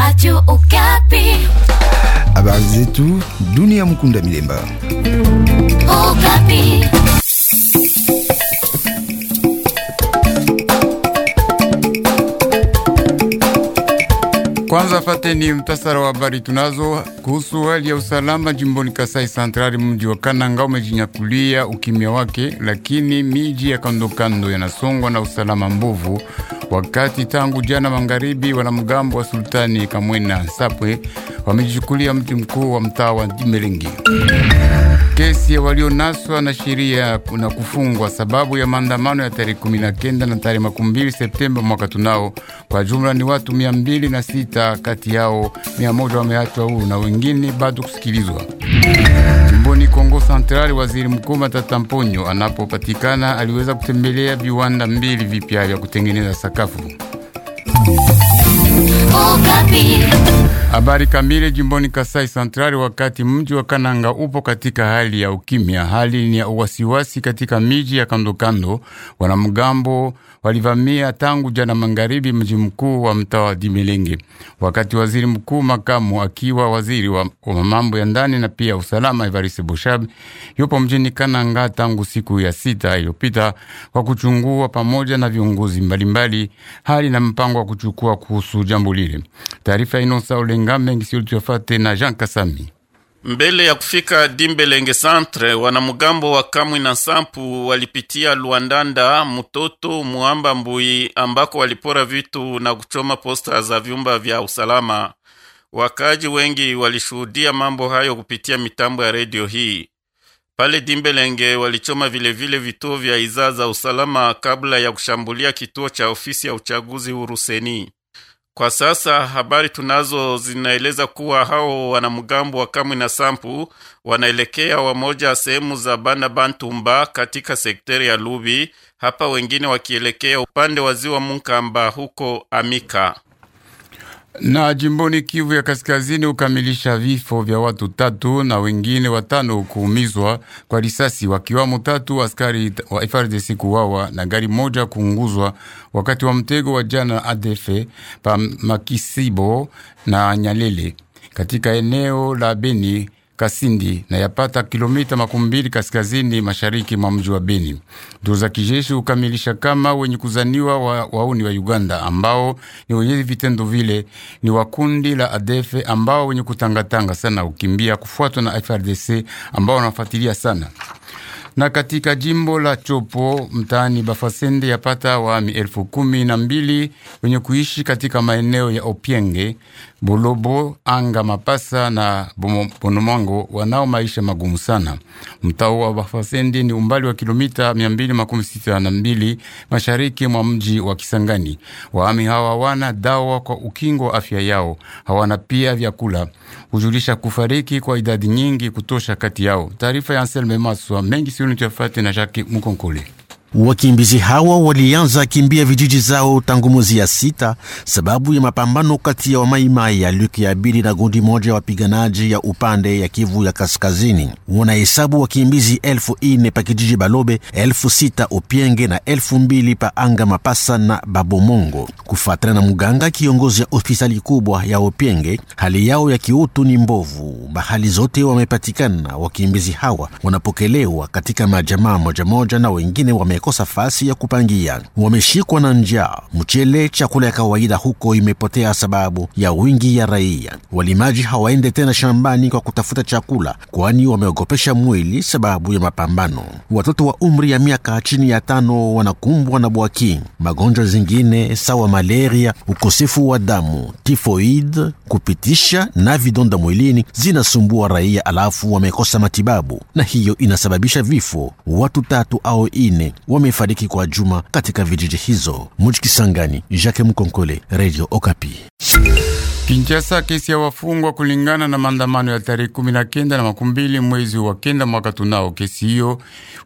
Radio Okapi. Habari zetu dunia, mkunda milemba Okapi. Oh, Kwanza fateni mtasara wa habari tunazo kuhusu hali ya usalama jimboni Kasai Santrali. Mji wa Kananga umejinyakulia ukimya wake, lakini miji ya kandokando yanasongwa na usalama mbovu, wakati tangu jana magharibi wanamgambo wa Sultani Kamwena Sapwe wamejichukulia mji mkuu wa mtaa wa Dimelingi. Kesi ya walionaswa na sheria na kufungwa sababu ya maandamano ya tarehe 19 na tarehe 12 Septemba mwaka tunao, kwa jumla ni watu sita kati yao 100 wameachwa huru na wengine bado kusikilizwa. Jimboni Kongo Santrali, waziri mkuu Matata Mponyo anapopatikana aliweza kutembelea viwanda mbili vipya vya kutengeneza sakafu. Habari kamili jimboni Kasai Santrali, wakati mji wa Kananga upo katika hali ya ukimya, hali ni ya uwasiwasi katika miji ya kandokando. Wanamgambo walivamia tangu jana magharibi mji mkuu wa mtaa wa Dimelengi, wakati waziri mkuu makamu akiwa waziri wa, wa mambo ya ndani na pia usalama Evariste Boshab yupo mjini Kananga tangu siku ya sita iliyopita kwa kuchungua pamoja na viongozi mbalimbali hali na mpango wa kuchukua kuhusu jambo lile. Taarifa ya Inosa Olenga Mengi Siotafate na Jean Kasami. Mbele ya kufika Dimbelenge Centre, wanamgambo wa Kamwi na Sampu walipitia Luandanda, Mutoto, Muamba Mbui ambako walipora vitu na kuchoma posta za vyumba vya usalama. Wakaji wengi walishuhudia mambo hayo kupitia mitambo ya redio hii. Pale Dimbelenge walichoma vilevile vile vituo vya izaa za usalama kabla ya kushambulia kituo cha ofisi ya uchaguzi huru kwa sasa habari tunazo zinaeleza kuwa hao wanamgambo wa Kamwi na Sampu wanaelekea wamoja sehemu za Banda Bantumba katika sekteri ya Lubi, hapa wengine wakielekea upande wa ziwa Munkamba huko Amika na jimboni Kivu ya Kaskazini hukamilisha vifo vya watu tatu na wengine watano kuumizwa kwa risasi, wakiwamo tatu askari wa frdc kuwawa na gari moja kuunguzwa wakati wa mtego wa jana adefe pa Makisibo na Nyalele katika eneo la Beni Kasindi na yapata kilomita makumi mbili kaskazini mashariki mwa mji wa Beni. Duru za kijeshi hukamilisha kama wenye kuzaniwa wa, wauni wa Uganda ambao ni wenye vitendo vile ni wa kundi la ADF ambao wenye kutangatanga sana ukimbia kufuatwa na FRDC ambao wanafuatilia sana na katika jimbo la Chopo mtaani Bafasende yapata waami elfu kumi na mbili wenye kuishi katika maeneo ya Opienge Bulobo, Anga, Mapasa na Bonomango wanao maisha magumu sana. Mtaa wa Bafasendi ni umbali wa kilomita 262 mashariki mwa mji wa Kisangani. waami hawa hawana dawa kwa ukingo wa afya yao, hawana pia vyakula, hujulisha kufariki kwa idadi nyingi kutosha kati yao. Taarifa ya Anselme Maswa mengi siuni tuyafate na Jacques Mukonkole. Wakimbizi hawa walianza kimbia vijiji zao tangu mwezi ya sita sababu ya mapambano kati ya wamaimai yaliyokiabili na gundi moja ya wapiganaji ya upande ya Kivu ya Kaskazini. Wanahesabu wakimbizi elfu ine pa kijiji Balobe, elfu sita Opienge na elfu mbili pa anga Mapasa na Babomongo. Kufuatana na muganga kiongozi ya hospitali kubwa ya Opienge, hali yao ya kiutu ni mbovu. Mahali zote wamepatikana wakimbizi hawa wanapokelewa katika majamaa moja moja na wengine wame wamekosa fasi ya kupangia, wameshikwa na njaa. Mchele, chakula ya kawaida huko, imepotea sababu ya wingi ya raia. Walimaji hawaende tena shambani kwa kutafuta chakula, kwani wameogopesha mwili sababu ya mapambano. Watoto wa umri ya miaka chini ya tano wanakumbwa na bwaki, magonjwa zingine sawa malaria, ukosefu wa damu, tifoid, kupitisha na vidonda mwilini zinasumbua raia, alafu wamekosa matibabu, na hiyo inasababisha vifo. Watu tatu au ine wamefariki kwa juma katika vijiji hizo. Mujikisangani, Jacques Mkonkole, Radio Okapi. Kinshasa, kesi ya wafungwa kulingana na maandamano ya tarehe kumi na kenda na makumi mbili mwezi wa kenda mwaka tunao. Kesi hiyo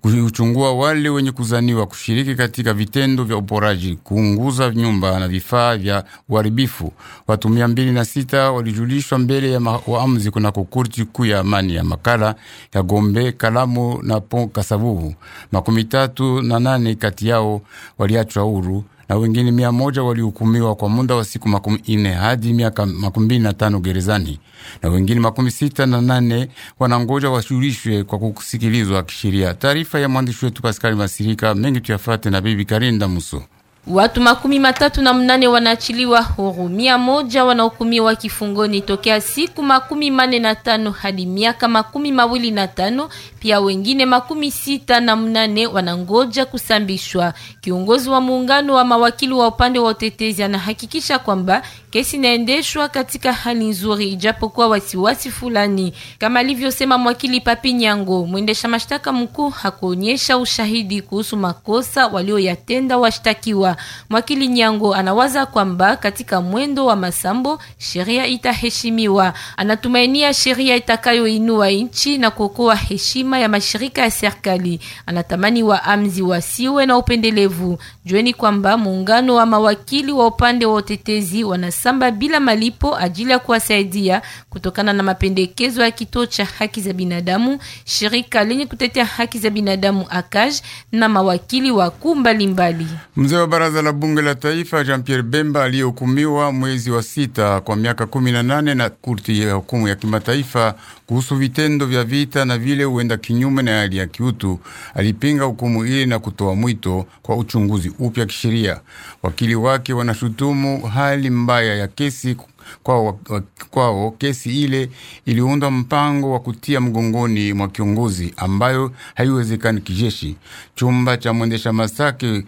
kuchungua wale wenye kuzaniwa kushiriki katika vitendo vya uporaji, kuunguza nyumba na vifaa vya uharibifu. Watu mia mbili na sita walijulishwa mbele ya waamuzi kuna kukurti kuu ya amani ya Makala ya Gombe, Kalamu na Pont Kasavubu. Makumi tatu na nane kati yao waliachwa huru na wengine mia moja walihukumiwa kwa muda wa siku makumi ine hadi miaka makumi mbili na tano gerezani, na wengine makumi sita na nane wanangoja washurishwe kwa kusikilizwa kisheria. Taarifa ya mwandishi wetu Paskali Masirika mengi tuyafate na bibi Karinda Muso. Watu makumi matatu na mnane wanaachiliwa huru, mia moja wanahukumiwa kifungoni tokea siku makumi mane na tano hadi miaka makumi mawili na tano. Pia wengine makumi sita na mnane wanangoja kusambishwa. Kiongozi wa muungano wa mawakili wa upande wa utetezi anahakikisha kwamba kesi inaendeshwa katika hali nzuri, ijapokuwa wasiwasi fulani, kama alivyosema mwakili Papi Nyango. Mwendesha mashtaka mkuu hakuonyesha ushahidi kuhusu makosa walioyatenda washtakiwa. Mwakili Nyango anawaza kwamba katika mwendo wa masambo sheria itaheshimiwa. Anatumainia sheria itakayoinua nchi na kuokoa heshima ya mashirika ya serikali. Anatamani waamzi wasiwe na upendelevu. Jueni kwamba muungano wa mawakili wa upande wa utetezi wanasamba bila malipo ajili ya kuwasaidia kutokana na mapendekezo ya kituo cha haki za binadamu, shirika lenye kutetea haki za binadamu akaj na mawakili wakuu mbalimbali baraza la bunge la taifa Jean-Pierre Bemba aliyehukumiwa mwezi wa sita kwa miaka 18 na kurti ya hukumu ya kimataifa kuhusu vitendo vya vita na vile huenda kinyume na hali ya kiutu, alipinga hukumu ile na kutoa mwito kwa uchunguzi upya kisheria. Wakili wake wanashutumu hali mbaya ya kesi kwao, kwao kesi ile iliunda mpango wa kutia mgongoni mwa kiongozi ambayo haiwezekani kijeshi. Chumba cha mwendesha mashtaki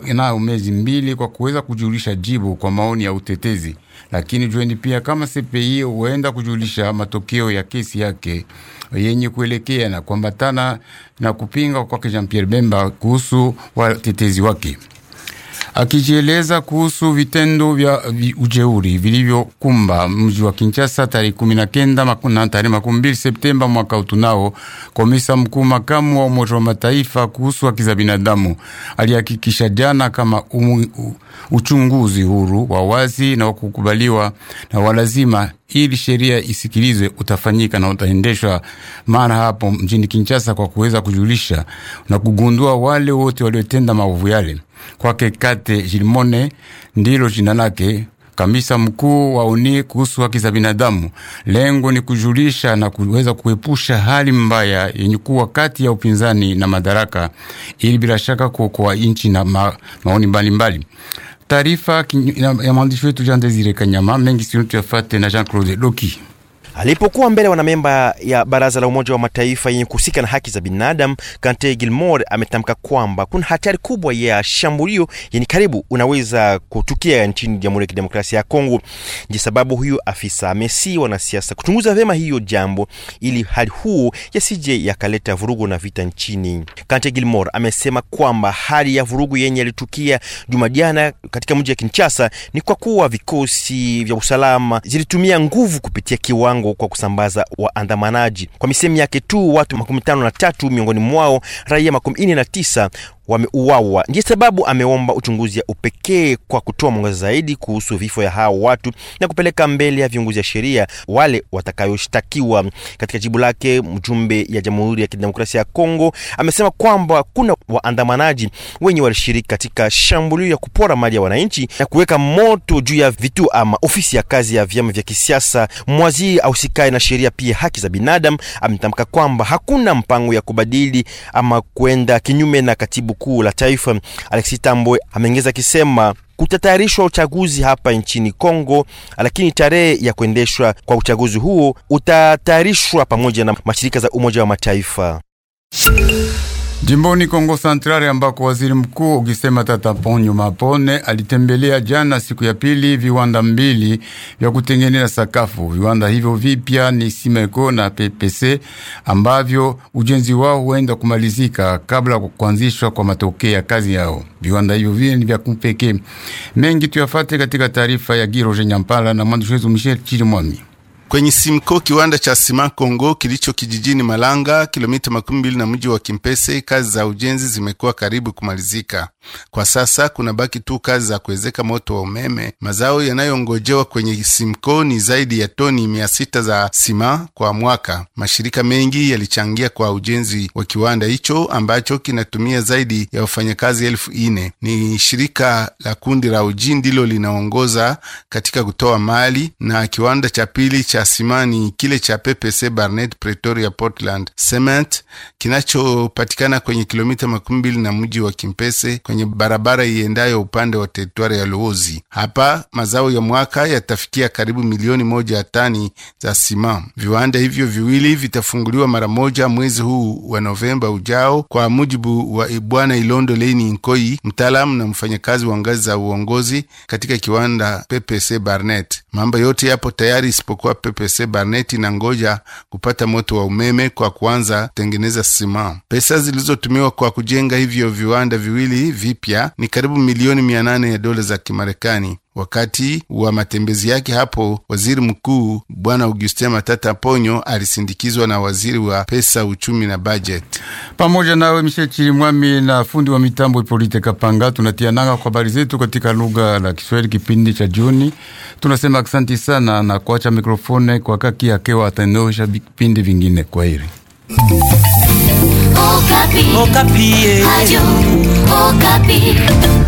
kinayo miezi mbili kwa kuweza kujulisha jibu kwa maoni ya utetezi, lakini jueni pia kama CPI huenda kujulisha matokeo ya kesi yake yenye kuelekea na kuambatana na kupinga kwake Jean Pierre Bemba kuhusu watetezi wake akijieleza kuhusu vitendo vya ujeuri vilivyokumba mji wa Kinshasa tarehe 19 na tarehe 20 Septemba mwaka utunao. Komisa mkuu makamu wa Umoja wa Mataifa kuhusu haki za binadamu alihakikisha jana kama umu, u, uchunguzi huru wa wazi na wakukubaliwa na walazima ili sheria isikilizwe utafanyika na utaendeshwa mara hapo mjini Kinshasa kwa kuweza kujulisha na kugundua wale wote waliotenda maovu yale kwake Kate Gilmone ndilo jina lake, kamisa mkuu wa UNI kuhusu haki za binadamu. Lengo ni kujulisha na kuweza kuepusha hali mbaya yenye kuwa kati ya upinzani na madaraka, ili bila shaka kuokoa nchi na ma, maoni mbalimbali. Taarifa ya mwandishi wetu Jean Desire Kanyama mengi sio tuyafate na Jean Claude Loki. Alipokuwa mbele wanamemba ya baraza la Umoja wa Mataifa yenye kuhusika na haki za binadamu, Kante Gilmore ametamka kwamba kuna hatari kubwa ya shambulio yenye karibu unaweza kutukia nchini Jamhuri ya Kidemokrasia ya Kongo. Ndi sababu huyo afisa amesi wanasiasa kuchunguza vema hiyo jambo ili hali huo yasije yakaleta vurugu na vita nchini. Kante Gilmore amesema kwamba hali ya vurugu yenye yalitukia Jumajana katika mji wa Kinshasa ni kwa kuwa vikosi vya usalama zilitumia nguvu kupitia kiwango mpango kwa kusambaza waandamanaji. Kwa misemi yake tu watu makumi tano na tatu miongoni mwao raia makumi nne na tisa wameuawa. ndiye sababu ameomba uchunguzi ya upekee kwa kutoa mwangaza zaidi kuhusu vifo ya hao watu na kupeleka mbele ya viongozi ya sheria wale watakayoshtakiwa. Katika jibu lake, mjumbe ya Jamhuri ya Kidemokrasia ya Kongo amesema kwamba kuna waandamanaji wenye walishiriki katika shambulio ya kupora mali ya wananchi na kuweka moto juu ya vituo ama ofisi ya kazi ya vyama vya kisiasa. Mwaziri ausikae na sheria pia haki za binadamu ametamka kwamba hakuna mpango ya kubadili ama kwenda kinyume na katibu kuu la taifa Alexis Tambwe ameongeza akisema kutatayarishwa uchaguzi hapa nchini Kongo, lakini tarehe ya kuendeshwa kwa uchaguzi huo utatayarishwa pamoja na mashirika za Umoja wa Mataifa. Jimboni Kongo Central ambako waziri mkuu ukisema Tata Ponyo Mapone alitembelea jana siku ya pili viwanda mbili vya kutengeneza sakafu. Viwanda hivyo vipya ni Simeko na PPC ambavyo ujenzi wao huenda kumalizika kabla kuanzishwa kwa matokeo ya kazi yao. Viwanda hivyo vile ni vya kupekee. Mengi tuyafate katika taarifa ya Giroje Nyampala na mwandishi wetu Michel Chirimwami kwenye Simco, kiwanda cha sima Kongo kilicho kijijini Malanga, kilomita makumi mbili na mji wa Kimpese, kazi za ujenzi zimekuwa karibu kumalizika. Kwa sasa kuna baki tu kazi za kuwezeka moto wa umeme. Mazao yanayongojewa kwenye Simco ni zaidi ya toni mia sita za sima kwa mwaka. Mashirika mengi yalichangia kwa ujenzi wa kiwanda hicho ambacho kinatumia zaidi ya wafanyakazi elfu ine. Ni shirika la kundi la Uji ndilo linaongoza katika kutoa mali na kiwanda cha pili cha Asimani, kile cha PPC Barnet Pretoria Portland Cement kinachopatikana kwenye kilomita makumi mbili na mji wa Kimpese kwenye barabara iendayo upande wa teritwari ya Luozi. Hapa mazao ya mwaka yatafikia karibu milioni moja ya tani za sima. Viwanda hivyo viwili vitafunguliwa mara moja mwezi huu wa Novemba ujao, kwa mujibu wa Bwana Ilondo Leni Nkoi, mtaalamu na mfanyakazi wa ngazi za uongozi katika kiwanda PPC Barnet. Mambo yote yapo tayari isipokuwa PPC Barneti na ngoja kupata moto wa umeme kwa kuanza tengeneza sima. Pesa zilizotumiwa kwa kujenga hivyo viwanda viwili vipya ni karibu milioni mia nane ya dola za Kimarekani. Wakati wa matembezi yake hapo, waziri mkuu bwana Augustin Matata Ponyo alisindikizwa na waziri wa pesa, uchumi na bajeti. Pamoja nawe Mishe Chirimwami na fundi wa mitambo Ipolite Kapanga, tunatia nanga kwa habari zetu katika lugha la Kiswahili kipindi cha Juni. Tunasema asanti sana na kuacha mikrofone kwa kaki akewa ataendesha vipindi vingine. Kwa hili Okapi. Oh, Okapi. Oh,